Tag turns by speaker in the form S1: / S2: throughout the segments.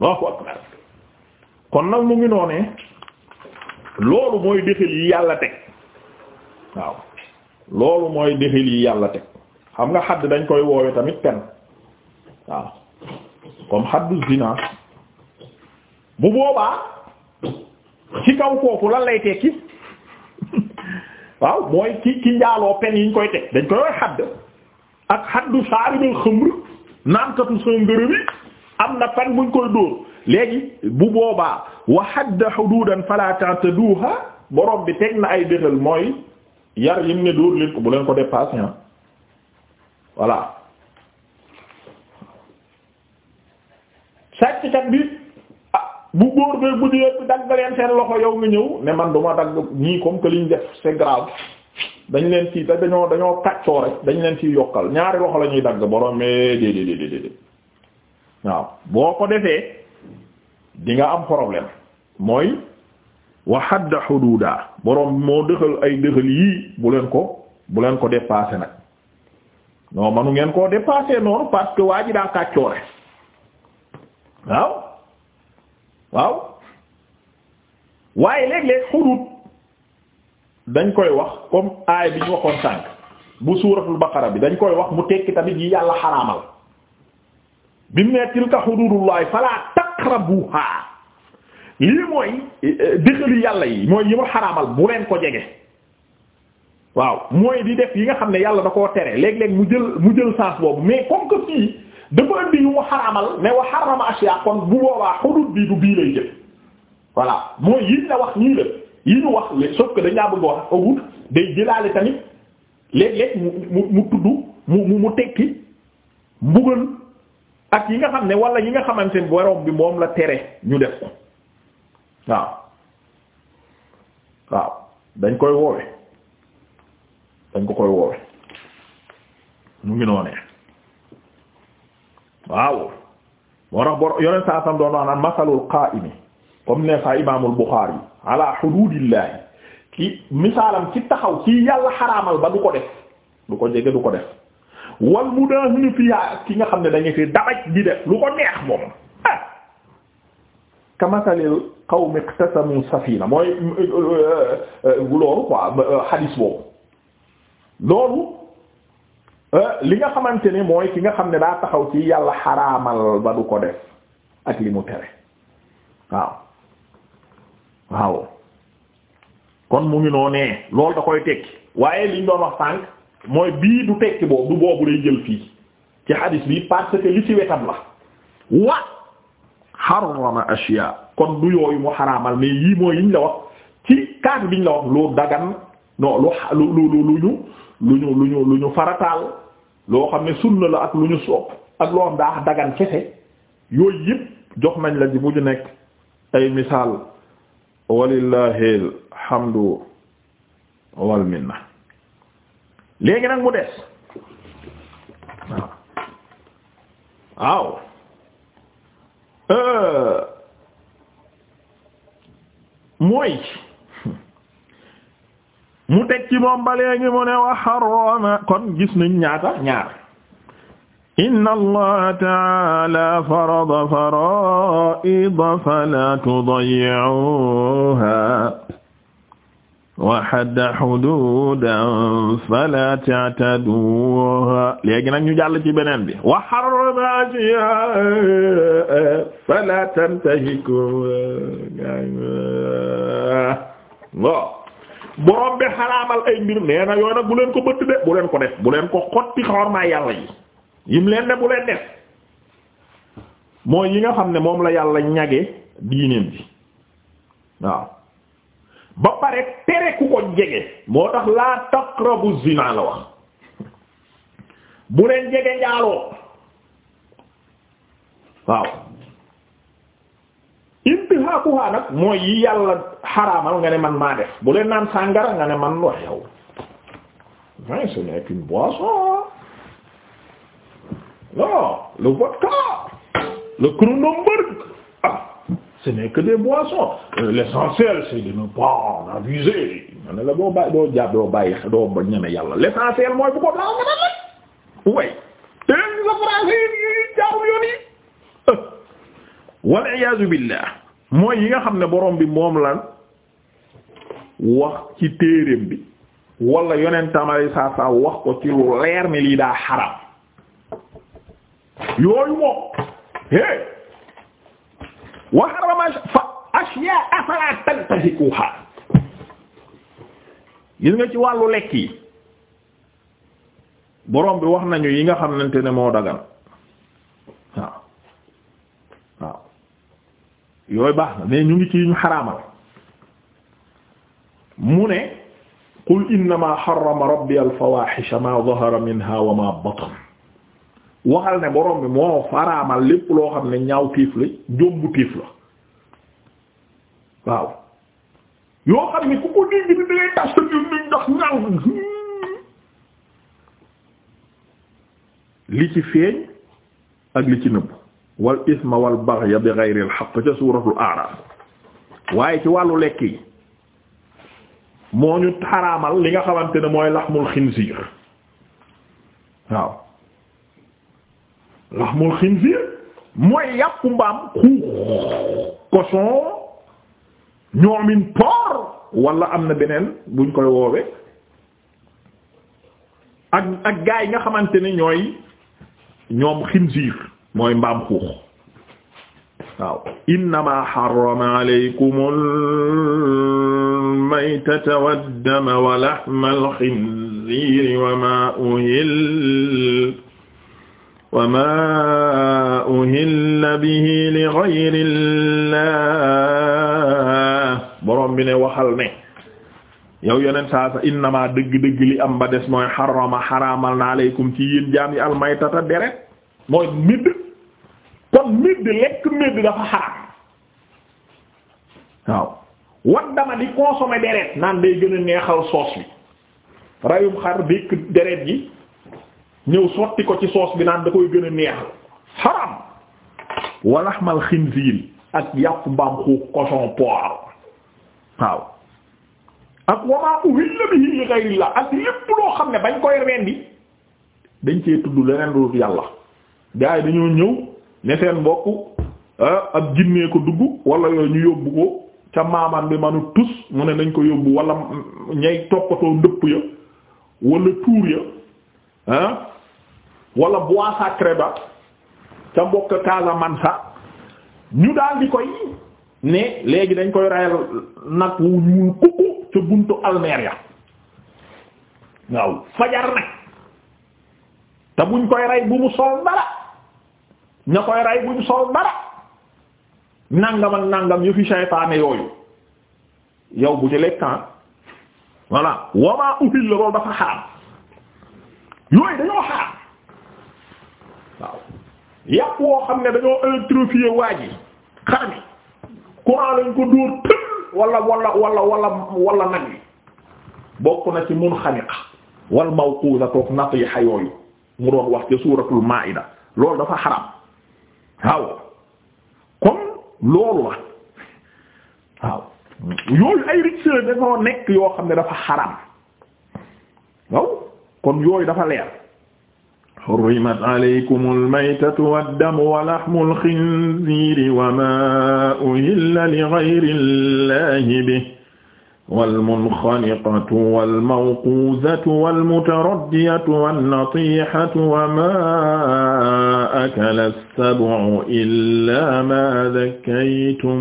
S1: Allahu akbar kon nag mu ngi noonee loolu mooy déxil yi yàlla teg waaw loolu mooy déxil yi yàlla teg xam nga xadd dañ koy woowe tamit pen waaw comme xaddu zina bu boobaa ci kaw kooku lan lay tekki waaw mooy ki ki njaaloo pen yiñ koy teg dañ koy woowe xadd ak xaddu saaribal xamr naankatu sangërëmi am na fan buñ koy dóor léegi bu boobaa wa hadda hududan fala ta'taduha borom bi teg na ay déxal mooy yar yim ne dóor leen ko bu leen ko dépasser ah voilà sàcckat bi ah bu góor bee bu dee dagg leen seen loxo yow nga ñëw ne man duma dagg ñii comme que liñ def c'est dañ leen ci dañoo dañoo kàccoo rek dañ leen ciy yokkal ñaari loxo la ñuy dagg borom mais déedéet déedéet waaw boo ko defee di nga am problème mooy wa hadda hududa boroom moo dëxal ay dëxal yii bu leen ko bu leen ko dépasser nag non manu ngeen koo dépasser noonu parce que waa ji daa kàccoore waaw waaye léeg-léeg xudud dañ koy wax comme aay bi ñu waxoon sànq bu suuratul baqara bi dañ koy wax mu tekki tamit yi yàlla xaraamal bi mu ne tilka xuduudullahi falaa taqrabuha lii mooy eh, eh, dëxali yàlla yi mooy yi ma xaraamal bu leen ko jege waaw mooy di def yi nga xam ne yàlla da koo tere léeg-léeg mu jël mu jël sens boobu mais comme que fii dafa indi yu mu xaraamal ne wa xarama ashiya kon bu boobaa xudud bi du bii lay jël voilà mooy yi la wax nii la yi ñu wax sauf que dañ laa bëgg wax awut day jëlaale tamit léeg-léeg mu mu mu tudd mu mu tekki mbugal ak yi nga xam ne wala yi nga xamante ne borom bi moom la tere ñu def ko waaw waaw dañ koy woowe dañ ko koy woowe mu ngi noonee waaw moo tax bor yoneen saa sam doon wax naan masalul qaa'imi comme ne sa imaamul Buxaari ala xuduudillaahi ki misaalam ci taxaw ci yàlla xaraamal ba du ko def du ko jege du ko def wal mudahni fiha ak ki nga xam ne dañu fi dabaj di def lu ko neex moom ah kamasalil qawmi iqtasamu safina mooy euh, euh, euh, loolu quoi boobu loolu li nga xamante ni mooy ki nga xam ne daa taxaw ci yàlla xaraamal ba du ko def ak li mu tere waaw waaw kon mu ngi noonee loolu da koy tekki waaye liñ doon wax sànq mooy bii du tekki boobu du boobu lay jël fii ci xadis bi parce que li ci wetam la wa harrama ashiya kon du yooyu mu xaraamal mais yii mooy yiñ la wax ci kaat biñ la wax lu dagan non lu lu lu lu ñu lu ñu lu ñu lu ñu farataal loo xam ne sunna la ak lu ñu sopp ak loo xam daa dagan kese yooyu yëpp jox nañ la ji bu nekk ay misaal walillahi alhamdu wal léegi nag mu des waaw waaw euh, mooy mu teg ci moom ba léegi mu ne wa harrama kon gis nañ ñaata ñaar inna allaha ta'ala farada fara'ida fala tudayyi'uha waxadda xuduudan fala ta'taduuha léegi nag ñu jàll ci beneen bi wa harrama ashyaa fala tantahikuuha bon borom bi xaraamal ay mbir nee na yooyu bu leen ko bëtt de bu leen ko def bu leen ko xotti xormaa yàlla yi yim leen ne bu leen def mooy yi nga xam ne moom la yàlla ñage diineem bi waaw ba pare tere ku ko jege moo tax laa taqrabu zina la wax bu jege njaaloo waaw intihaakuhaa nag mooy yi yàlla xaraamal nga man maa def bu leen naan sàngara nga man wax yow mais ce n'est qu'une boisson non le vodka le Kronenbourg ce n'est que des boissons euh, l'essentiel c'est de ne pas en la boo bàyyi doo jàpp doo bàyyi doo ñeme yàlla l'essentiel mooy bu ko laa nga la way te sa français yi jaarul yoon yi wal iyaazu billah mooy yi nga xam ne borom bi moom lan wax ci téereem bi wala yonentam alay saa saa wax ko ci lu leer ni lii daa xaram yooyu moom hé wa harrama ashyaa falaa tantahikuha gis nga ci wàllu lekk yi borom bi wax nañu yi nga xamante ne moo dagan waaw yooyu baax na mais ñu ngi ci ñu xaraamal mu ne qul innamaa harrama rabbi al fawaahisha maa zahara wa maa batana waxal ne borom bi moo faraamal lépp loo xam ne ñaaw tiif la jombu tiif la waaw yoo xam ne ku ko dégg ni ngay ndax ñaaw li ci feeñ ak li ci nëbb wal isma wal baghya bi ghayri al haqq ca suuratul a'raaf waaye ci wàllu lekk yi moo ñu xaraamal li nga xamante ne mooy laxmul xinsiir waaw lahmul xinziir mooy yàppu mbaam xuux cochon ñoomin porc wala am na beneen buñ koy woowe ak ak gaa nga xamante ne ñooy ñoom xinziir mooy mbaam xuux waaw innama harrama alaykumul maytata waddama wa lahmal xinziiri wa ma uhil وما أهل به لغير الله borom bi ne waxal ne yow yeneen saa sa innama dëgg-dëgg li am ba des mooy xarama xaraamal na aleykum ci yéen jaam yi almaytata deret mooy midd kon midd lekk midd dafa xaraam waaw wat di consommer deret naan day gën a neexal soos bi rayum xar dékk deret ji ñëw sotti ko ci soos bi naan da koy gën a neexal haram walaxmal xinziir ak yàpp mbaam xuux cochon porc waaw ak wamaa uhilla bihi li ghayrillah ak lépp loo xam ne bañ koy rendi dañ cee tudd leneen lu yàlla gaa yi dañoo ñëw ne seen mbokk ah, ak ginnee ko dugg wala yooyu ñu yóbbu ko ca maaman bi manu tus mu ne nañ ko yóbbu wala ñay toppatoo ndëpp ya wala tuur ya ah, wala bois sacré ba ca mbokk Casamance ñu daal di koy ne léegi dañ koy rayal nag wu ñuul kukku ca buntu Almeria waaw fajar nag te buñ koy rey bu mu sol dara ña koy rey bu mu sol dara nangam ak nangam yu yooyu yow bu ci lekkan ah voilà wama uhil la loolu dafa xaram yooyu dañoo xaram yàpp woo xam ne dañoo électrifié waa ji xar mi courant lañ ko dóor tël wala walla wala wala wala nag yi bokk na ci mun xaniqa wal mawquza toog natiixa yooyu mu doon wax ci suuratul maa'ida loolu dafa xaram waaw kon loolu la waaw yoo xam ne dafa xaram waaw kon yooyu dafa leer xurrimat alaykum almaytatu waddamu wa laxmu alxinziiri wa maa uhilla li gayri llaahi bihi walmunxaniqatu walmawquuzatu walmutaraddiyatu wannatiixatu wa maa akala assabu illaa maa dakkaytum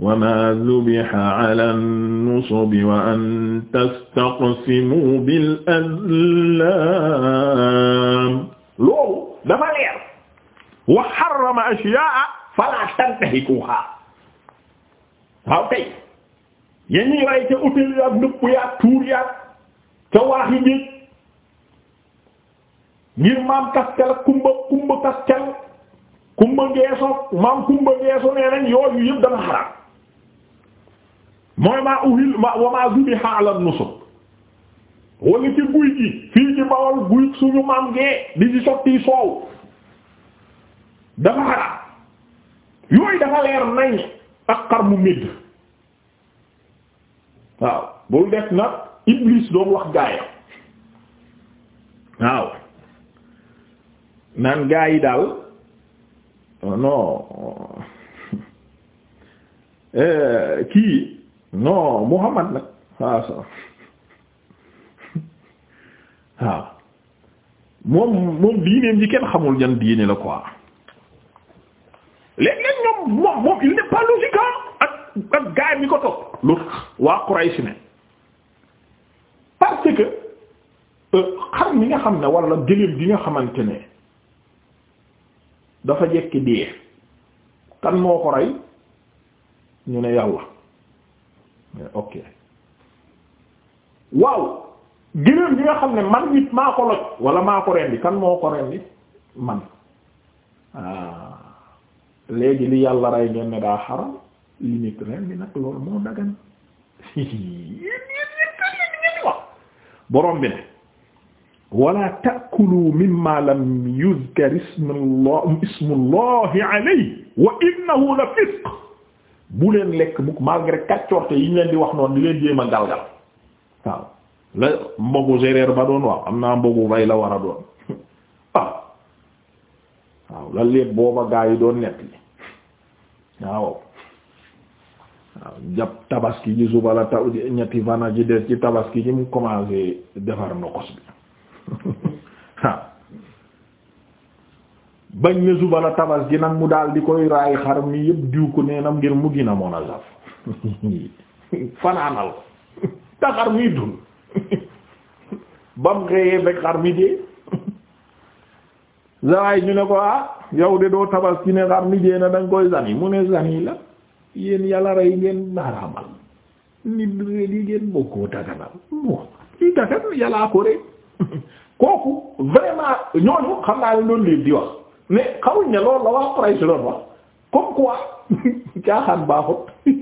S1: wama dubiha ala nusubi wa an tastaqsimu bil azlam loolu dafa leer wa harrama ashya'a fala tantahikuha waaw kay yéen ñi rey ca utal yaag ndëpp yaag tuur yaag ca waaxi géej ngir maam kastel kumba kumba kastel kumba ngeeso maam kumba ngeeso nee nañ yooyu yëpp dafa xaraam mooy maa uhil ma wa maa zubiha ala nusuk wala ci guy gi fii ci bawol guy suñu maam di ci sotti soow dafa xaraam yooyu dafa leer nañ ak xar mu médd waaw bul def nag iblis doon wax gaaya waaw naan gaa yi daal eh, kii non Muhammad nag waaw sa moom moom diineem ji kenn xamul ñan diine la quoi léeg-léeg ñoom moom moom il n'est pas logique ak ak gaay mi ko topp lu waa Quraysh ne parce euh, xar mi nga xam ne wala gëléem gi nga xamante ne dafa jekki dee kan moo ko rey ñu ne yàlla Euh, waaw gëléem bi nga xam ne man nit maa ko wala maa ko rendi kan moo ko rendi man ah li yàlla rey ngeen ne daa xaram li nit rendi nag loolu moo dagan yéen bi ne wala taakulu mimma lam yuzkar ismullah ismullahi alayhi wa innahu la fisq bu leen lekk mukk malgré kaccorte yi ñu leen di wax noonu di leen jéem a galgal waaw la mbogu géréer ba doon waaw am naa mbogu bay la war a doon waaw waaw la léeb booba gaa yi doon nett li waaw waaw jàpp tabaski ji suba la ta ñetti fana ji des ci tabaski ji mu commencé defar nokos bi bañ ne suba la tabas gi nag mu daal di koy raay xar mi yëpp diw ko neenam ngir mu gina moon a saf fanaanal te xar mi dul xëyee fekk xar mi dee sawaay ñu ne ko ah yow de doo tabas ci ne xar mi dee na danga koy zani mu ne zani la yéen yàlla rey ngeen haramal nit li ngeen bokkoo daganal moo li dagan yàllaa ko rek kooku vraiment ñooñu xam naa ne loolu lépp di wax mais xamuñ ne loolu la waa Quraysh doon wax comme quoi caaxaan baaxut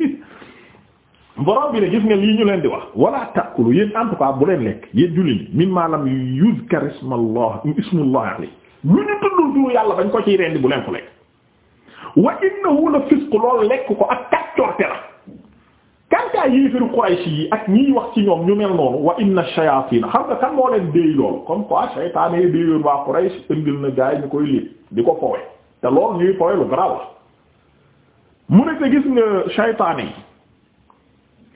S1: borom bi ne gis nga yi ñu leen di wax wala takkulu yéen en tout bu leen lekk yéen julli ni mimma lam yuzkar ismallah ismullah alayhi lu ñu tuddul turu yàlla bañ ko ciy rendi bu leen ko lekk wa innahu la fisq loolu lekk ko ak kàccoorte la kantaa yéefiru Quraysh yi ak ñiy wax ci ñoom ñu mel noonu wa inna shayatina xam nga kan moo leen déy loolu comme quoi shaytaane déyoon waa Quraysh koy lépp di ko fowe te loolu ñuy fowe lu garaaw mu ne te gis nga shaytaan yi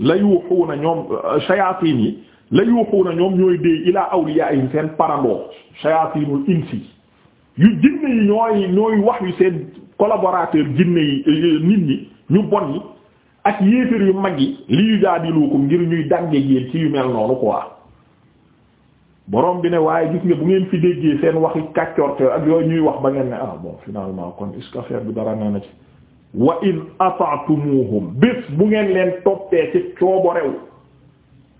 S1: la yuuxuuna ñoom euh, shayatin yi la yuuxuuna ñoom ñooy dee ilaa awliyaa'ihim seen parandoo shayatinul insi yu jinne yi ñooy ñooy wax yu seen collaborateur jinne yi euh, euh, nit ñi ñu bon yi ak yéeféer yu mag yi li yu jaadilukum ngir ñuy dànge yéen ci yu mel noonu quoi borom bi ne waaye gis nga bu ngeen fi déggee seen waxi kàccorte ak yooyu ñuy wax ba ngeen ne ah bon finalement kon est-ce que affaire bi dara nee na ci wa in ata'tumuhum bis bu ngeen leen toppee ci cooborew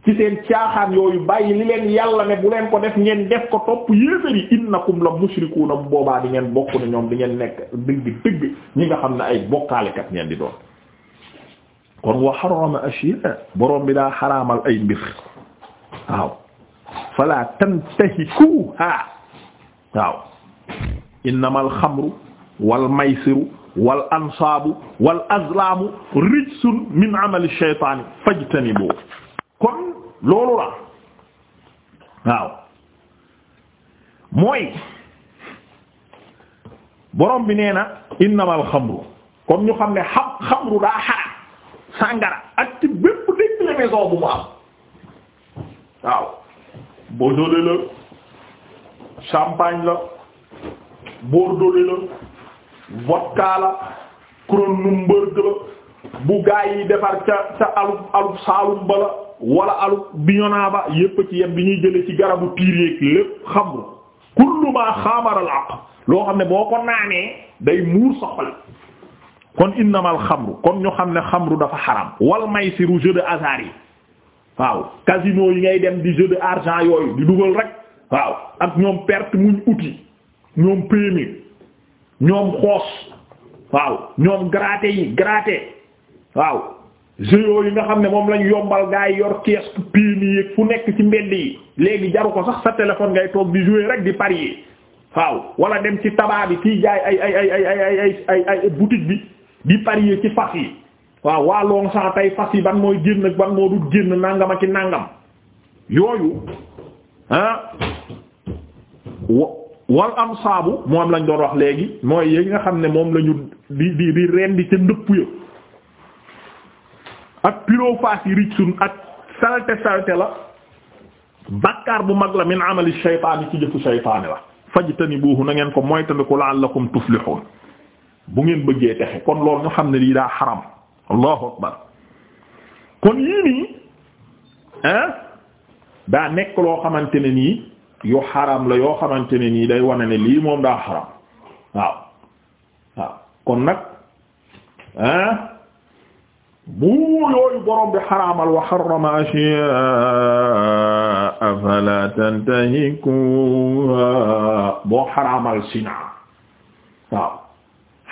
S1: ci seen caaxaan yooyu bàyyi li leen yàlla ne bu leen ko def ngeen def ko topp yéeféri innakum la mushrikuuna bu boobaa di ngeen bokk ne ñoom di ngeen nekk dëgg dëgg ñi nga xam ne ay bokkaalekat ngeen di doon kon wa harrama ashiya borom bi daa xaraamal ay mbir fala tantahikuha waaw innama alxamru wal maysiru wal ansaabu wal azlaamu rijsun min amali shaytaani fajtanibu kon loolu la waaw mooy borom bi nee na innama alxamru comme ñu xam ne xam xamru daa xaram sàngara ak ci bépp dégg la maison bu mu am waaw beaujolais la champagne la bordeaux la vodka la Kronenbourg la bu gaa yi defar ca ca alub alub saalum ba la wala alub biñonaa ba yépp ci yem bi ñuy jële ci garabu piiréeg lépp xamru kullu ma xaamaral aq loo xam ne boo ko naanee day muur sa xol kon innamal xamru kon ñu xam ne xamru dafa xaram wal ci jeu de hasard yi waaw casino yi ngay dem di jeu de argent yooyu di dugal rek waaw ak ñoom perte muñ uti ñoom premier ñoom xoos waaw ñoom gratter yi gratter waaw jeu yooyu nga xam ne moom lañ yombal gaa yi yor kiosque premier fu nekk ci mbedd yi léegi jaru ko sax sa téléphone ngay toog di jouer rek di parier waaw wala dem ci tabac bi kii jaay ay ay ay ay ay bi di parier ci fas yi waaw waa long san tey fas yi ban mooy génn ban moo dul génn nàngama ci nàngam yooyu ah wal am saabu moom lañ doon wax léegi mooy yi nga xam ne moom lañu di di di rendi ca ndëpp ya ak piloofaas yi rijsun ak salte salte la bakkaar bu mag la min amali shaytaani ci jëfu shaytaani la fajtanibuhu na ngeen ko moytandiku la'allakum tuflihun bu ngeen bëggee texe kon loolu ñu xam ne lii daa xaram allahu akbar kon yii nii ah daa nekk loo xamante ne nii yu xaram la yoo xamante ne nii day wane ne lii moom daa xaram waaw waaw kon nag ah bu yooyu borom bi xaraamal wa xarama ashiya afala tantahikuha boo xaraamal sina waaw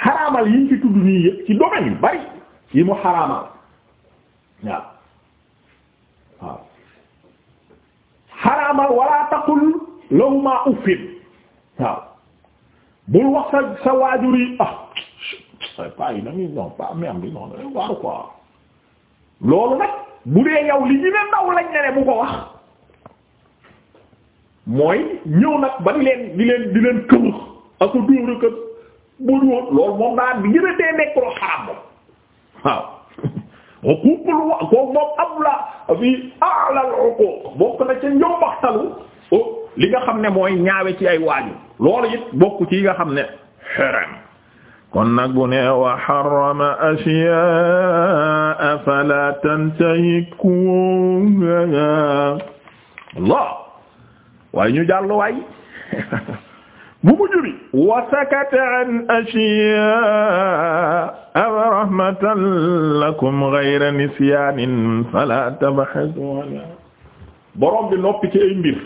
S1: xaraamal yiñ ci tudd nii yëpp ci domaine yu bari yi mu xaraamal waaw waaw xaraamal wala taqul lahuma uffin waaw bul wax sa sa waajur yi ah pas yi nag non pas même bi non waaw quoi loolu nag bu dee yow li ñu ne ndaw lañ ne bu ko wax mooy ñëw nag ba di leen di leen di leen këmux ak bu ñu loolu moom daa gën a dee nekk lu moom waaw wa xuuqul wa kooku moom am la fi alal uquq bokk na ca njombaxtalu li nga xam ne mooy ñaawe ci ay waaju loolu it bokk ci yi nga xam ne xaram kon nag bu ne wa xarama ashiyaa fala tantahikuha Allah waaye ñu jàll waay bu mujj bi wa sakata an ashiya am rahmatan lakum ghayra nisyanin fala tabhasu borom bi noppi ci ay mbir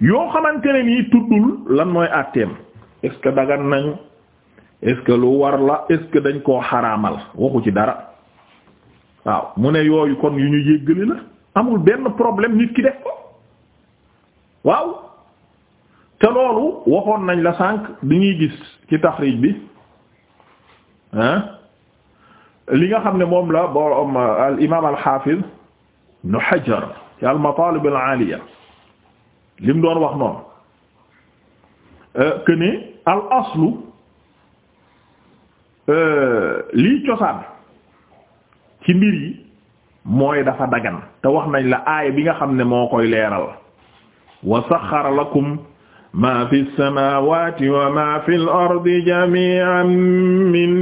S1: yoo xamante ne tuddul lan mooy àtteem est-ce que dagan nañu est lu war la est dañ koo xaraamal waxu ci dara waaw mu ne yooyu kon yu ñu yéggali la amul benn problème nit ki def ko waaw te loolu waxoon nañ la sànq bi ñuy gis ci taxriij bi li nga xam ne moom la borom al imaam al xaafiz nu Hajar ci al mataalib al aaliya li mu doon wax noonu que ni al aslu euh, lii cosaan ci mbir yi mooy dafa dagan te wax nañ la aay bi nga xam ne moo koy leeral wa saxxara lakum ma fi samawati wa ma fi al-ardi jami'an min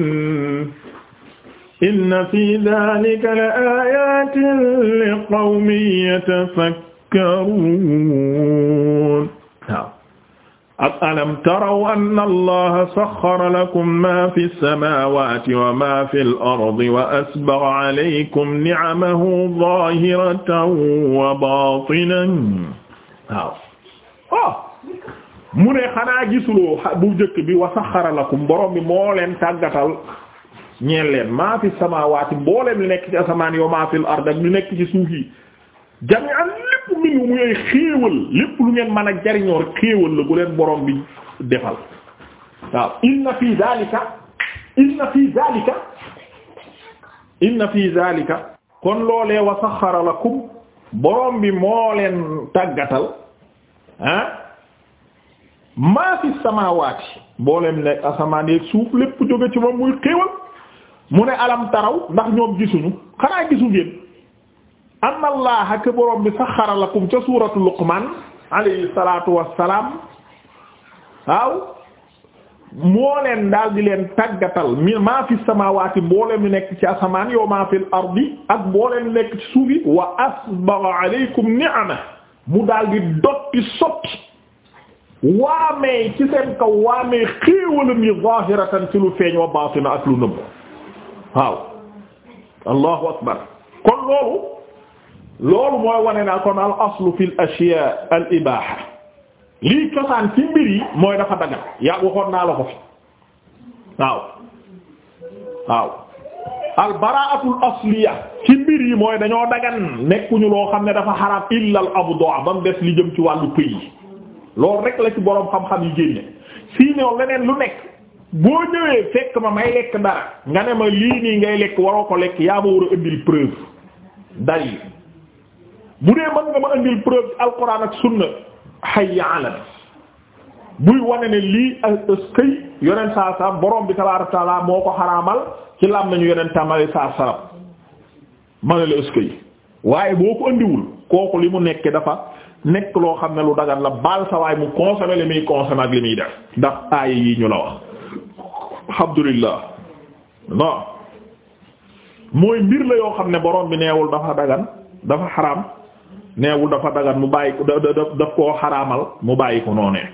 S1: inna fi dhalika la ayatin liqawmin yatafakkarun waaw ak alam taraw anna allaha sakhkhara lakum ma fi samawati wa ma fi al-ardi wa asbagha alaykum ni'amahu zahiratan wa batinan waaw oh! mu ne xanaa gisuloo bu njëkk bi wa saxxara lakum borom bi moo leen tàggatal ñeen leen maa fi samaawaati mbooleem li nekk ci asamaan yow maa fil ard ak lu nekk ci suuf yi jami'an lépp minu mu yooy xéewal lépp lu ngeen mën a jariñoo rek la bu leen borom bi defal waaw inna fi zalika inna fi zalika inna fi zalika kon loolee wa saxxara lakum borom bi moo leen tàggatal ah maa fi samaawaati mboolem nekk asamaan yeeg suuf lépp jóge ci moom muy xéewal mu ne alam taraw ndax ñoom gisuñu xanaa gisu ngeen anna allah ak borom bi saxara lakum ca suuratu luqman alayhi salaatu wassalaam waaw moo leen daal di leen tàggatal mi maa fi samaawaati mboolem mi nekk ci asamaan yow maa fil ardi ak mboolem nekk ci suufi wa asbagha alaykum ni'ama mu daal di dotti waamee ci seen kaw waamee xéewalam yi zahiratan ci lu feeñ wa baatina ak lu nëbb waaw allahu akbar kon loolu loolu mooy wane naa kon al fi l ashya lii cosaan ci mbir yi mooy dafa dagal yaa waxoon naa la ko fi waaw waaw al bara'atul ci mbir yi mooy dañoo dagan nekkuñu loo xam ne dafa xaraam illa al abda ba mu def li jëm ci wàllu pëy loolu rekk la ci boroom xam-xam yi génne sinon leneen lu nekk boo ñëwee fekk ma may lekk dara nga ne ma lii nii ngay lekk waroo ko lekk yaa ma war a indil preuve dalil bu dee mën nga ma indil preuve alquran ak sunna hayya ala buy wane ne lii ëskëy yoneen saa salam borom bi tabaaraka taala moo ko xaraamal ci lam nañu yonent tamale saa salam ma ne la ëskëy waaye boo ko indiwul kooku li mu nekke dafa nekk loo xam ne lu dagan la baal sa waay mu consommer li muy consommer ak li muy def ndax aaya yi ñu la wax alhamdulillah non mooy mbir la yoo xam ne borom bi neewul dafa dagan dafa xaraam neewul dafa dagan mu bàyyi ko da daf koo xaraamal mu bàyyi ko noonee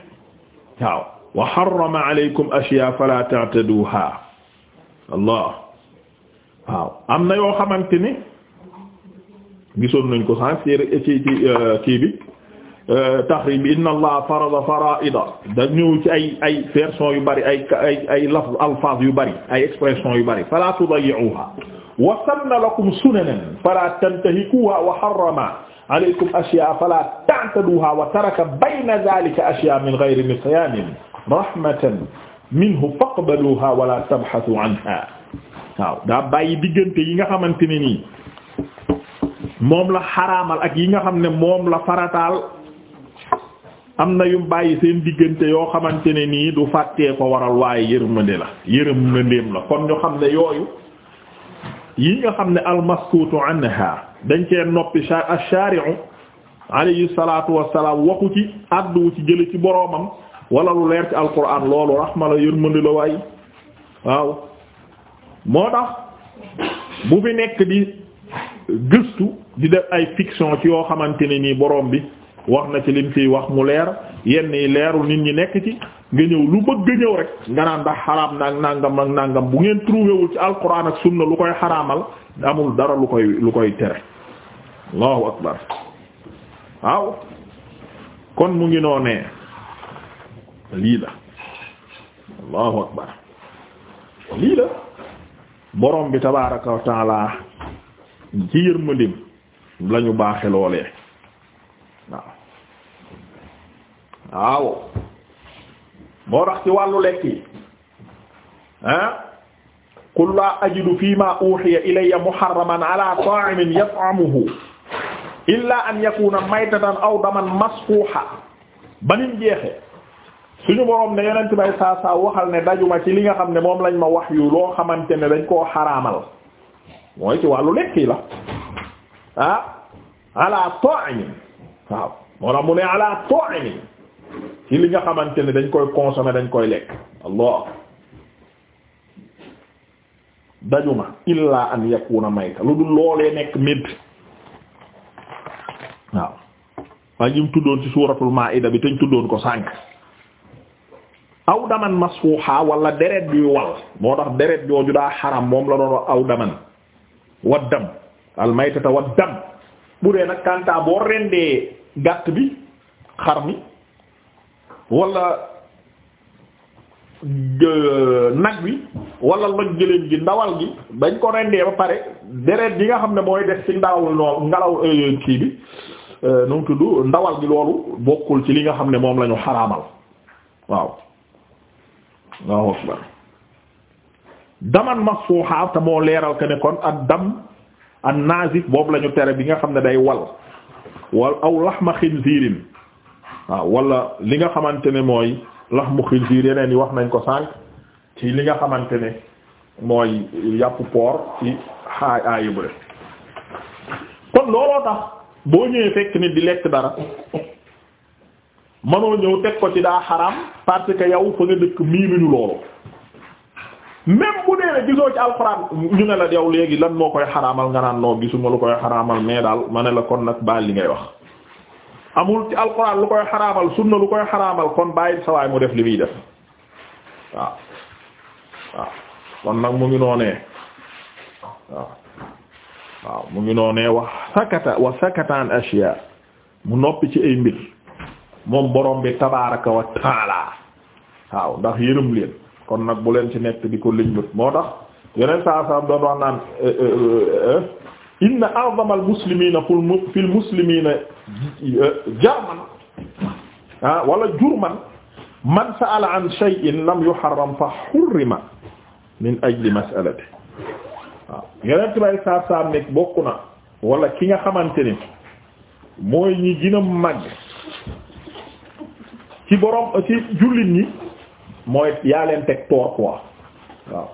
S1: waaw wa harrama alaykum ashiya fala ta'taduha allah waaw am na yoo xamante ni gisoon nañ ko sànq ci ci euh, kii bi Euh, taxrib bi inna allah farada faraida da ñëw ci ay ay version yu bari ay ay ay lafz alfaaz yu bari ay expression yu bari fala tudayyuha wa sanna lakum sunanan fala tantahikuha wa harrama alaykum ashyaa fala ta'taduha wa taraka bayna dhalika ashyaa min ghayri nisyanin rahmatan minhu faqbaluha wala tabhathu anha waaw daa bàyyi diggante yi nga xamante ne nii moom la xaraamal ak yi nga xam ne moom la farataal am na yum bàyyi seen diggante yoo xamante ne nii du fàttee ko waral waaye yërmande la yërmandeem la kon ñu xam ne yooyu yi nga xam ne almaskuutu anha dañ cee noppi ash-shari'u alayhi salaatu wassalaam waxu ci àdduwu ci jële ci boroomam wala lu leer ci alquran loolu rahma la yërmande la waaye waaw moo tax bu fi nekk di gëstu di def ay fiction ci yoo xamante ne nii boroom bi wax na ci lim fiy wax mu leer yenn yi leerul nit ñi nekk ci nga ñëw lu bëgg a ñëw rek nga naan ndax xaraam na ak nangam bu ngeen trouvé wul ci alquran ak sunna lu koy xaraamal amul dara lu koy lu koy tere allahu akbar waaw kon mu ngi noonee lii la allahu akbar lii la borom bi tabaaraka wa taala ci yërmandim lañu baaxe waaw waaw moo tax ci wàllu lekk yi ah qul laa ajidu fi ma uhiya ilayya muharraman ala ta'imin yat'amuhu illa an yakuna maytatan aw daman masfuha banim jeexe suñu borom ne yonent bay saa saa ne dajuma ci li nga xam ne moom lañ ma wax loo xamante ne dañ koo xaraamal mooy ci wàllu lekk yi la ah ala ta'imin moo tax ala ta'imin ci li nga xamante ne dañ koy consommer dañ koy lekk allah dajuma illa an yakuna mayta lu dul loolee nekk médd waaw waaye ñu tuddoon ci suuratul maa'ida bi te ñu tuddoon ko sànq aw daman masfuuxa wala deret yuy wal moo tax deret jooju daa xaram moom la doon wax aw daman wa dam al maytata wa dam bu nag kanta boo rendee gàtt bi xar mi wala nag wi wala loj gëléem gi ndawal gi dañ ko rendee ba pare deret yi nga xam ne mooy def ci ndawal lool ngelaw euh, kii bi euh, nu mu tudd ndawal gi loolu bokkul ci li nga xam ne moom lañu ñu xaraamal waaw waaw akbar daman masfuha te moo leeral ko ne kon ak dam an nazif boobu lañu tere bi nga xam ne day wal wal aw lahma xinzirin waaw wala li nga xamante ne mooy lax mu xinziir yeneen yi wax nañ ko sànq ci li nga xamante ne mooy yàpp poor ci xaay aayubale kon looloo tax boo ñëwee fekk nit di lekk dara manoo ñëw teg ko ci daa xaraam parce que yow fa nga dëkk miiminu loolu même bu dee gisoo ci alxuraan ñu ne la yow léegi lan moo koy xaraamal nga naan noo gisuma lu koy xaraamal mais daal ma ne la kon nag baal li ngay wax amul ci alquran lu koy xaraamal sunna lu koy xaraamal kon bàyyi sawaay mu def li muy def waaw waaw kon nag mu ngi noonee waaw mu ngi noonee wax sakata wa sakataan ashiya mu noppi ci ay mbir moom borom bi tabaaraka wa taala waaw ndax yërëm leen kon nag bu leen ci nekk di ko liñ bët moo tax yeneen saa saa doon wax eh, eh, eh, inna a'zama al-muslimina fil muslimina jarman ah wala jurman man sa'ala an shay'in lam yuharram fa hurrima min ajli mas'alatihi waaw yeneen tubaab saa saa nekk bokk na wala ki nga xamante ni mooy ñi gën a màgg ci borom ci jullit ñi mooy yaa leen teg toor quoi waaw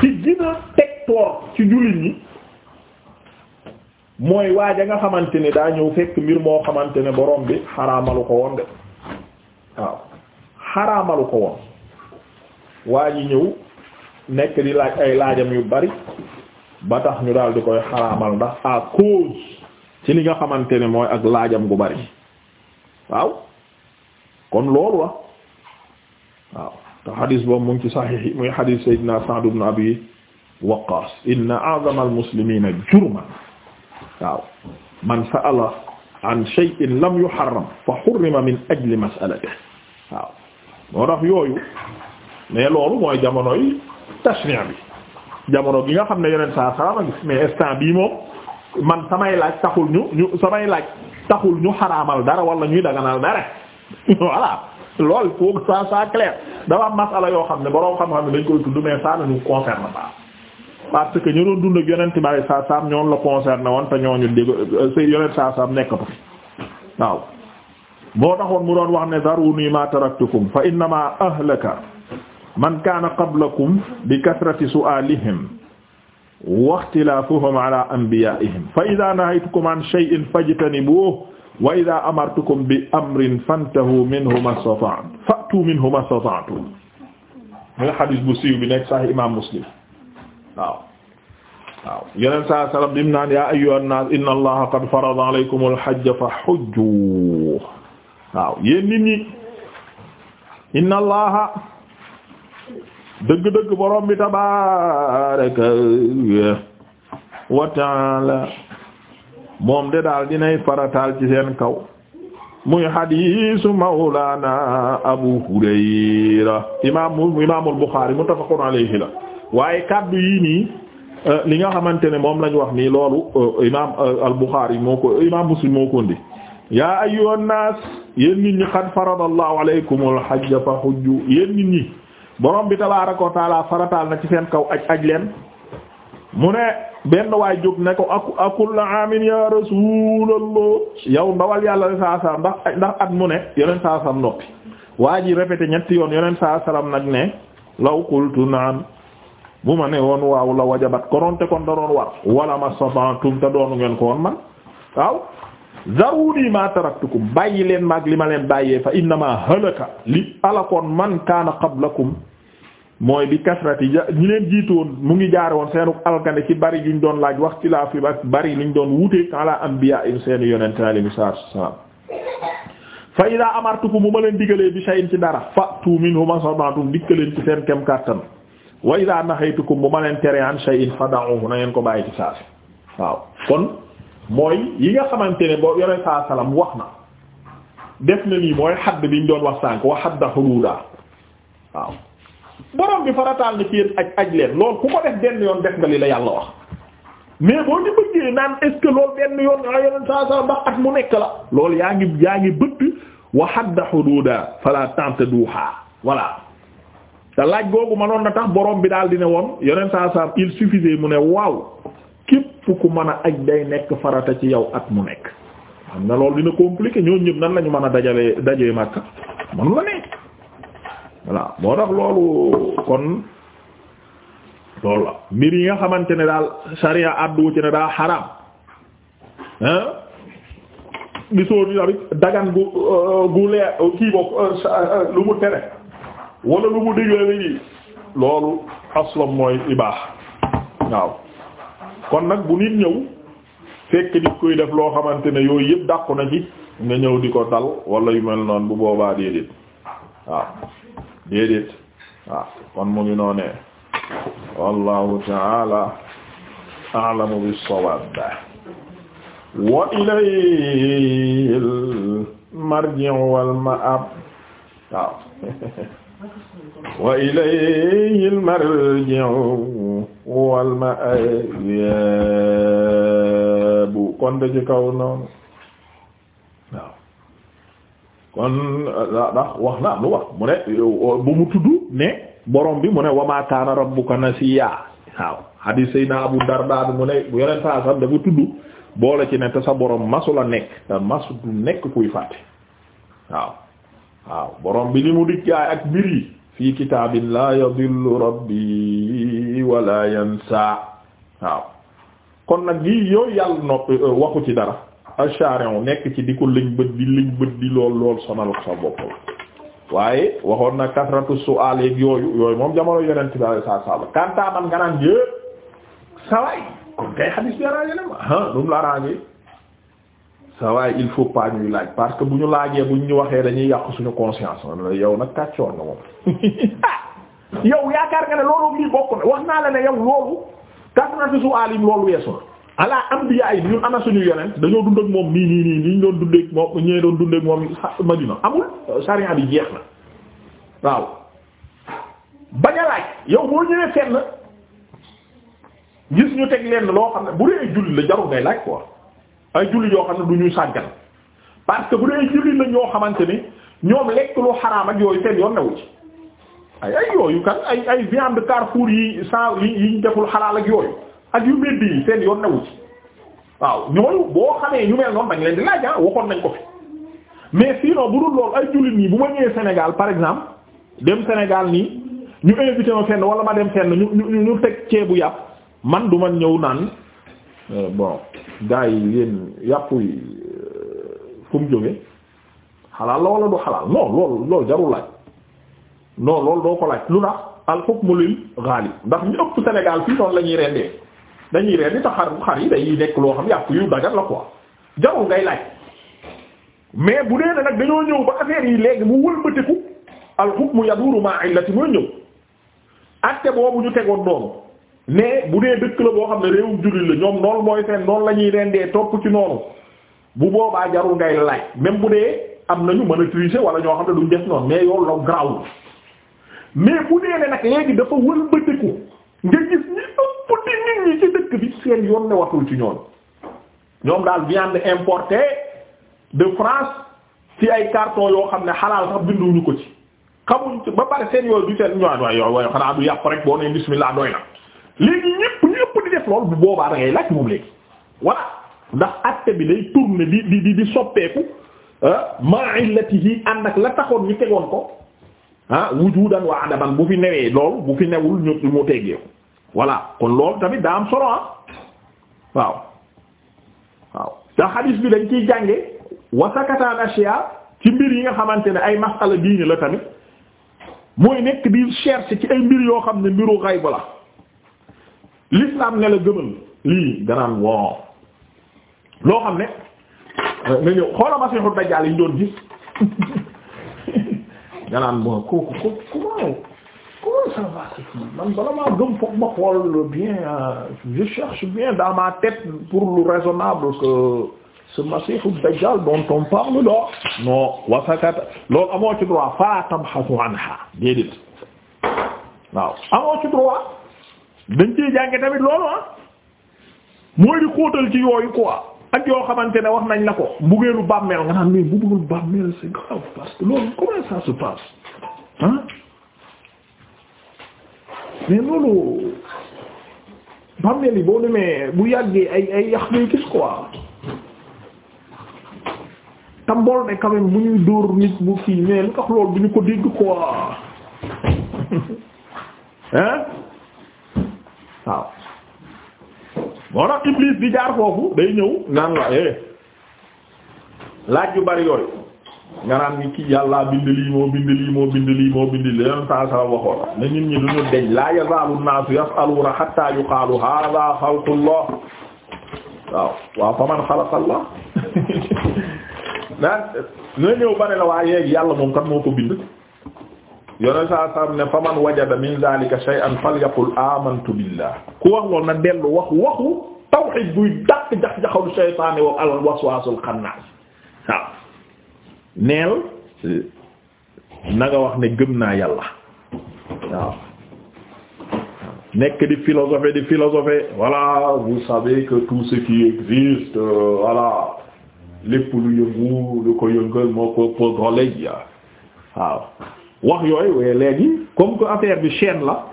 S1: ci gën a teg toor ci jullit ñi. mooy waaja nga xamante ni daa ñëw fekk mbir moo xamante ne boroom bi xaraamalu ko woon de waaw xaraamalu ko woon waa yi ñëw nekk di laaj ay laajam yu bari ba tax ñu daal di koy xaraamal ndax à cause ci li nga xamante ne mooy ak laajam gu bari waaw kon loolu la waaw te xadis boobu mu ci saxiix yi muy xadis Seydina Sa'd ibn Abi Waqqas inna a'zama al-muslimina jurman waaw man sa'ala an shay'in lam yuharram fa hurrima min ajli mas'alatihi waaw moo tax yooyu mais loolu mooy jamonoy tashri' bi jamono gi nga xam ne yeneen saa salaama gis mais instant bii moom man samay laaj taxul ñu ñu samay laaj taxul ñu xaraamal dara wala ñuy daganal dara voilà loolu foofu ça ça clair dafa am masala yoo xam ne borom xam-xam ne dañ koy tudd mais ça ne nous concerne pas parce que ñu doon dund ak yonent bi saa saam ñoom la concerné woon te ñooñu dégg seen yonent saa saam nekkatu waaw moo taxoon mu doon wax ne zaruni ma taraktukum fa innama ahlaka man kaana qablakum bi kasrati su'alihim wa ikhtilafuhum ala anbiya'ihim fa idha nahaytukum an shay'in fajtanibuhu wa idha amartukum bi amrin fantahu minhu mastata'tum fa'tu minhu mastata'tum nga xadis bu siiw bi nekk sahih imam muslim waaw waaw yeneen saa salaam bi mu naan yaa ayyuhan naas inna allaha qad farada alaykumul hajja fa hujju waaw yéen nit ñi inna allaha dëgg-dëgg borom bi tabaaraka wa taala moom de daal dinay farataal ci seen kaw muy hadiisu mawlaana abu hurayra imaam imaamul buxaari muttafaqun alayhi la waaye kaddu yii nii Euh, li nga xamante ne moom lañu wax nii loolu euh, imaam euh, al-Bukhari moo ko imaam Muslim moo ko indi yaa ayyuhan naas yéen nit xad faradallahu alaykumul hajja fa hujju yéen nit borom bi tabaaraka wa taala farataal na ci seen kaw aj aj leen mu ne benn waay jóg ne aku akul amin ya rasulallah yow ndawal yàlla leen saa salaam ndax ndax at mu ne yoneen saa salaam noppi waa ji répété ñetti yoon yoneen saa salaam nag ne law qultu na'am bu ma ne woon waaw la wajabat kononte kon da doon war wala ma sabantum te doonu ngeen ko man waaw zaruni ma taraktukum bàyyi leen maag li ma leen bàyyee fa innama halaka li alakoon man kaana qablakum mooy bi kasrati ja ñi leen jiitu woon mu ngi jaare woon seenu alkande ci bari yuñ doon laaj wax ci laa fi ak bari liñ doon wuteek ala anbiya im seeni yonente alayhi salaam fa ida amartukum bu ma leen digalee bi shay'in ci dara fa'tu ma sabantum dikkaleen ci seen wa idaa nahaytukum bu ma leen tere an shay'in fada'uhu na ngeen ko bàyyi ci saasi waaw kon mooy yi nga xamante ne boo yore saa wax na def na lii mooy xadd bi ñu doon wax sànk wa xadda xuduudaa waaw bi farataal na ci yéen leen loolu ku ko def benn yoon def nga li la yàlla wax mais boo ñu bëggee naan est-ce benn yoon a yoneen saa salaam mu nekk la loolu yaa ngi yaa ngi bëtt wa xadda xuduudaa fala ta'taduha voilà te laaj googu mënoon na tax boroom bi daal di ne woon yoneen saa saa il mu ne waaw képp ku mën a aj day nekk farata ci yow at mu nekk. xam na loolu dina compliqué ñoo ñëpp nan lañu ñu mën a dajalee dajee Makka man la ne voilà moo tax loolu kon loolu la mbir yi nga xamante ne daal sariya àddu ci ne daa xaraam ah gisoo ni tamit dagan gu euh, gu leer kii boobu euh, euh, lu mu tere. wala lu mu digle loolu aslam mooy ibaax waaw kon nag bu nit ñëw fekk nit koy def loo xamante ne yooyu yëpp dàqu na ci nga ñëw di ko dal wala yu mel noonu bu boobaa déedéet waaw déedéet waaw kon mu ngi noonee wallahu taala a'lamu bis-sawab wa ilayhi al-marji'u wal ma'ab waaw wa ilayhi al-marji'u wal ma'aabu kon de ci kaw noonu waaw kon ndax wax na lu wax mu ne bu mu tudd ne borom bi mu ne wa maa kaana rabbuka nasiyaa waaw hadith sayna Abu Darda bi mu ne bu yoneen saa sax dafa tudd boole ci ne te sa borom masu la nekk te masu du nekk kuy fàtte waaw waaw borom bi li mu diggaay ak mbir yi kitaabin laa yadillu rabbi wala yansa waaw kon nag yi yow yàlla noppi euh, waxu ci dara asharion nekk ci di ko lëñ bët di lëñ bët di lool lool sonal sa bopp la waaye waxoon na kasratu su'al yeeg yooyu yooyu moom jamono yonent bi sallallahu alayhi wasallam kantaa nga naan jë saway kay xadis bi arrangé na ma ah lu mu la arrangé sa waay il faut pas ñuy laaj parce que bu ñu laajee bu ñu waxee dañuy yàq suñu conscience la yow nag kàccoor nga moom yow yaakaar nga ne loolu lii bokk na wax naa la ne yow loolu kasnate su aalim loolu weesu na ala ambiya yi ñun ana suñu yonent dañoo dund ak moom nii nii nii ni ñu doon dundeek moom ñee doon dundeek moom Madina amul sariya bi jeex na waaw bañ laaj yow boo ñëwee fenn gis ñu teg leen loo xam ne bu dee julli la jarul ngay laaj quoi ay julli yoo xam ne du ñuy sàggan parce que bu dee julli la ñoo xamante ni ñoom lekk lu xaraam ak yooyu seen yoon newu ci ay ay yooyu kan ay ay yi sans yi yi ñu deful xalaal ak yooyu ak yu mbedd yi seen yoon newu ci waaw ñooñu boo xamee ñu mel noonu dañ leen di laaj ah waxoon nañ ko fi mais sinon bu dul loolu ay jullit nii bu ma ñëwee senegal par exemple dem Sénégal nii ñu invité ma fenn wala ma dem fenn ñu ñu ñu teg ceebu yàpp man du ma ñëw naan. Euh, bon gars yi yéen yàpp euh, fu mu jógee xalaal la wala du xalaal non loolu loolu jarul laaj non loolu doo ko laaj lu ndax al hukmu lil ghalib ndax ñu ëpp senegal fii noonu la ñuy rendee dañuy rendi te xar xar yi dañuy nekk loo xam yàpp yu dagat la quoi jarul ngay laaj mais bu dee nag dañoo ñëw ba affaire yi léegi mu wëlbatiku al hukmu yaduru ma illati mooy ñëw acte boobu ñu tegoon noonu. mais bu dee dëkk la boo xam ne réewum jullit la ñoom noonu mooy seen noonu la ñuy rendee topp ci noonu bu boobaa jarul ngay laaj même bu dee am nañu mën a tricher wala ñoo xam ne du def noonu mais yow la garaawul mais bu dee ne nag léegi dafa wëlbatiku nga gis ñi ëpp di nit ñi ci dëkk bi seen yoon ne watul ci ñoom ñoom daal viande importée de France ci ay carton yoo xam ne xalaal sax binduñu ko ci xamuñ ba pare seen yooyu du seen ñoom waaye yooyu xanaa du rek boo nee bismillah léegi ñëpp ñëpp di def loolu bu boobaa da ngay moom léegi voilà ndax acte bi day tourner di di di di soppeeku ma ah, maa illatihi ànd ak la taxoon ñu tegoon ko ah wujudan wa adaman bu fi newee loolu bu fi newul ñu mu teggeeku voilà kon loolu tamit daa am solo ah waaw waaw te xadiis bi dañ ciy jànge wasakataan asiya ci mbir yi nga xamante ne ay masala diini la tamit mooy nekk di chercher ci ay mbir yoo xam ne mbiru xayb la l'islam ne la gëmal lii ganaan wo loo xam ne euh, nga ñëw xoola masiixu dajjaal yi ñu doon gis ganaan bo kooku ko comment comment ça va man bala maa gëm foog ma xool bien euh, je cherche bien dans ma tête pour le raisonnable que ce masiixu dajjaal dont on parle là non wasakata loolu amoo ci droit fala tabhasu anha déedéet waaw amoo ci droit dañ cee jànge tamit loolu ah mooy di xóotal ci yooyu quoi ak yoo xamante ne wax nañ la ko mbugeelu bàmmeel nga naan mais bu bëggul bàmmeel c'est grave parce que loolu comment ça se passe ah mais loolu bàmmeel yi boo demee bu yàggee ay ay yàq ngay gis quoi te mbool ne quand bu ñuy dóor nit bu kii mais li tax loolu du ñu ko dégg quoi ah. waaw moo tax Iblis di jaar foofu day ñëw naan la eh, laaj yu bari yooyu nga naan ni kii yàlla bind lii moo bind lii moo bind lii moo bind lii yeneen saa saa waxoon na ñun ñi duñu deñ laa yazaalu naasu yasaluuna hatta yuqaalu haaza xalqullah waaw waaw fa man xalaqallah naan na ñëw bari la waa yeegi yàlla moom kan moo ko bind yoneen saa saam ne faman wajada min zalika shay'an falyaqul amantu billah ku wax loolu na dellu wax waxu tawhid buy dàq jax-jaxalu shaytaani wa al waswasul xannaas neel na wax ne gëm naa yàlla nekk di philosophe di philosophe voilà vous savez que tout ce qui existe voilà lépp lu yëngu lu ko yëngal moo ko pogrolej waaw wax yooyu léegi comme que affaire bi chaîne la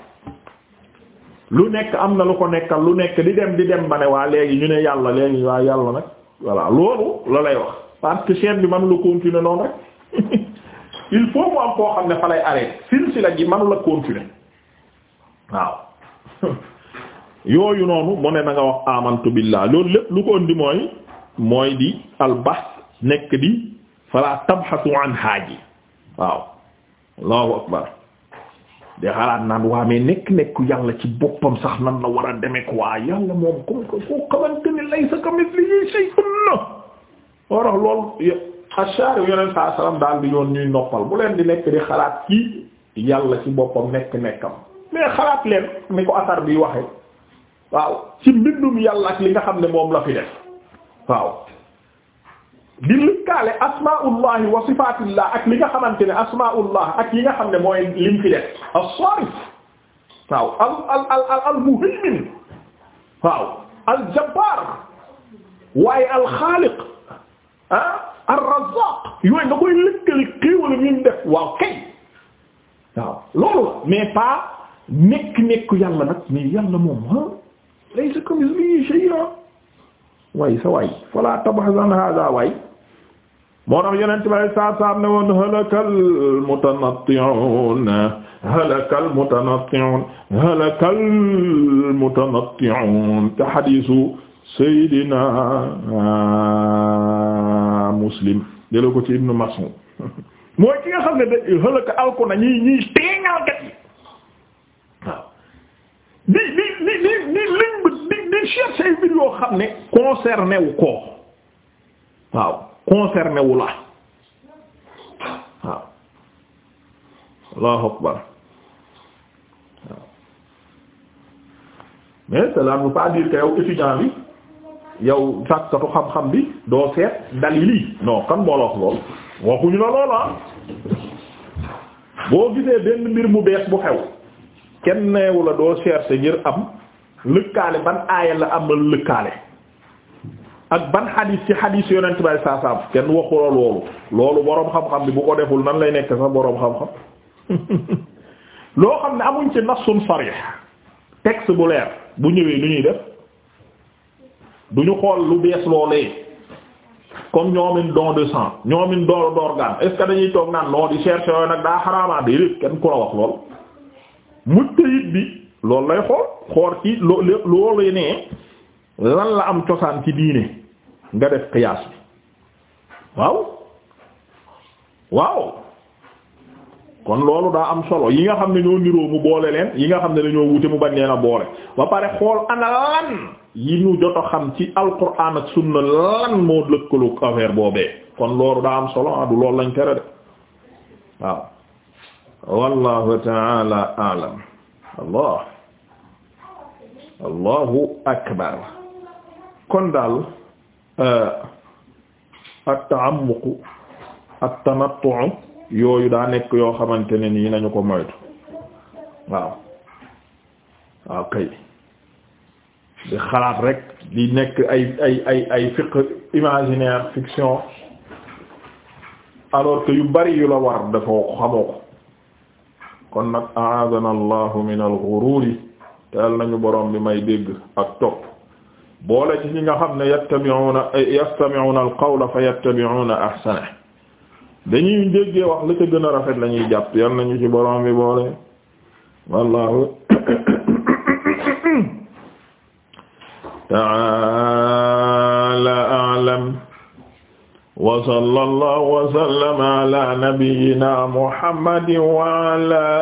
S1: lu nekk am na lu ko nekkal lu nekk di dem di dem ba ne waa léegi ñu ne yàlla léegi waa yàlla nag voilà loolu la lay wax parce que chaîne bi manu la continuer noonu rek il faut mu koo xam ne fa lay arrêter silsila gi manu la continuer waaw yooyu noonu mu ne na wax amantu billah loolu lépp lu ko indi mooy mooy di albas nekk di fala tabhasu an haaji waaw allahu akbar di xalaat naan waa mais nekk-nekku yàlla ci boppam sax nan la war a demee quoi yàlla moom comme que koo xamante ni laysa kamithlihi shay'un na woo salaam daal di yoon ñuy noppal bu leen di nekk di xalaat ci yàlla ci boppam nekk-nekkam mais xalaat leen ni ko asar bi waxe waaw ci mbindum yàlla ak li nga xam ne moom la fi def waaw di lëkkaale asmaullahi wa sifatillah ak li nga xamante ne asmaullah ak yi nga xam ne mooy lim fi al al al al al muhaymin waaw al-jabbar waaye al-xaaliq ah razzaq yooyu nga koy lëkkale xéewal ñu def waaw kay waaw loolu la mais pas nekk nekk yàlla nag mais yàlla moom ah laysa kamislihi shay'un way sa way fala tabhas an hada way moo tax yonent bi alei saatu salaam ne woon halakal mutanatti'un halakal mutanatti'un halakal mutanatti'un te hadiisu Seydina Muslim delloo ko ci Ibnu Mas'ud mooy ki nga xam ne de halaka alku na ñi ñiy teeñalkat yi waaw cherche ay mbir yoo xam ne concerné wu ko waaw concerné la waaw allahu akbar waaw mais cela ne veut pas dire que yow étudiant bi yow sàkkatu xam-xam bi doo seet dalili non kan moo la wax lool waxuñu la loola ah. boo gisee benn mbir mu bees bu xew kenn neewu la doo chercher ngir am lëkkaale ban aaya la am lëkkaale ak ban xadis ci xadis yonent bay saasaam kenn waxula loolu loolu boroom xam-xam bi bu ko deful nan lay nekk sax boroom xam-xam loo xam ne amuñ ci nassun sarih texte bu leer bu ñëwee nu ñuy def du ñu xool lu bees loolee comme ñoomin don de sang ñoomin don d'organe est dañuy toog naan noo di chercher yooyu nag daa xaraamaa déedéet kenn ku la wax lool mujtahid bi loolu lay xool xool ci loo loolu ne lan la am cosaan ci diine nga def qiyaas bi waaw waaw kon loolu daa am solo yi nga xam ne ñoo niroo mu boole leen yi nga xam ne dañoo wute mu bañ leen a boole ba pare xool ana lan yi ñu jot xam ci alquran ak sunna lan moo lëkkaloo affaire boobee kon loolu daa am solo ah du lañ tere de waaw wallahu ta'ala a'lam allah allahu akbar kon daal euh, at-ta'ammuq at-tanattu' yooyu daa nekk yoo xamante ne nii nañu ko moytu waaw waaw kay di xalaat rek di nekk ay ay ay ay fiqh fiction alors que yu bari yu la war dafa xamoo ko kon nag a'adana allahu min al-ghururi teel nañu borom bi may dégg ak topp boole ci ñi nga xam ne yattabi'una yastami'una al-qawla fa yattabi'una ahsana dañuy déggee wax la ca gën a rafet la ñuy jàpp yal nañu ci borom bi boole wallahu ta'ala a'lam wa sallallahu wa sallama ala nabiyyina muhammadin wa ala